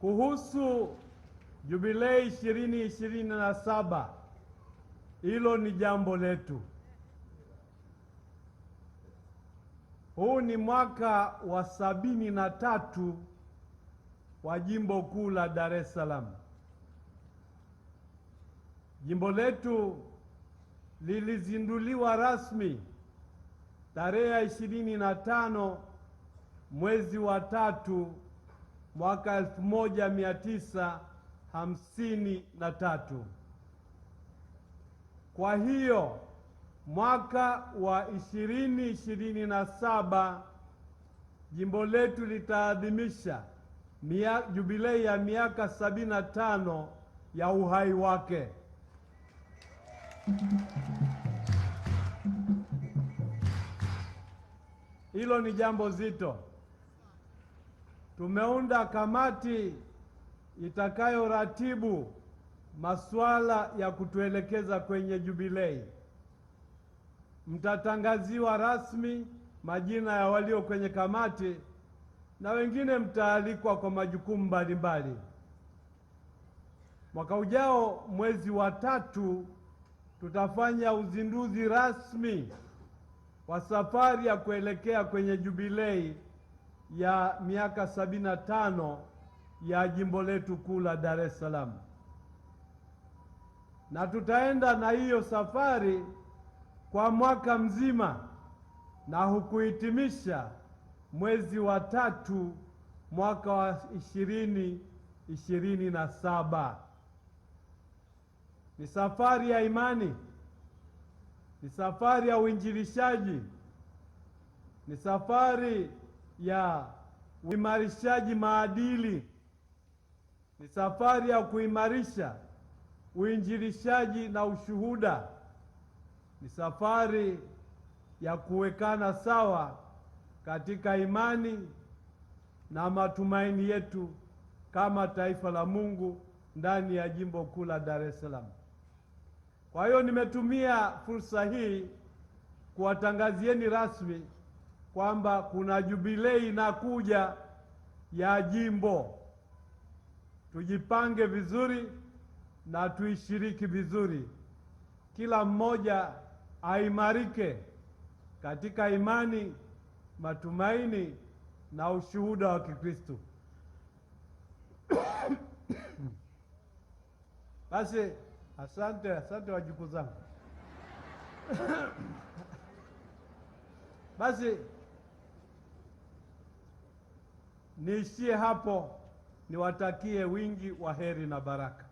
kuhusu Jubilei 2027 Hilo ni jambo letu. Huu ni mwaka wa sabini na tatu wa jimbo kuu la Dar es Salaam. Jimbo letu lilizinduliwa rasmi Tarehe ya ishirini na tano mwezi wa tatu mwaka elfu moja mia tisa hamsini na tatu. Kwa hiyo mwaka wa ishirini ishirini na saba jimbo letu litaadhimisha jubilei ya miaka sabini na tano ya uhai wake. Hilo ni jambo zito. Tumeunda kamati itakayoratibu masuala ya kutuelekeza kwenye jubilei. Mtatangaziwa rasmi majina ya walio kwenye kamati na wengine mtaalikwa kwa majukumu mbalimbali. Mwaka ujao mwezi wa tatu tutafanya uzinduzi rasmi kwa safari ya kuelekea kwenye jubilei ya miaka sabini na tano ya jimbo letu kuu la Dar es Salaam, na tutaenda na hiyo safari kwa mwaka mzima na hukuhitimisha mwezi wa tatu mwaka wa ishirini ishirini na saba. Ni safari ya imani ni safari ya uinjilishaji, ni safari ya uimarishaji maadili, ni safari ya kuimarisha uinjilishaji na ushuhuda, ni safari ya kuwekana sawa katika imani na matumaini yetu kama taifa la Mungu ndani ya jimbo kuu la Dar es Salaam. Kwa hiyo nimetumia fursa hii kuwatangazieni rasmi kwamba kuna jubilei inakuja ya jimbo. Tujipange vizuri na tuishiriki vizuri, kila mmoja aimarike katika imani, matumaini na ushuhuda wa Kikristo. Basi Asante, asante wajuku zangu. Basi niishie hapo, niwatakie wingi wa heri na baraka.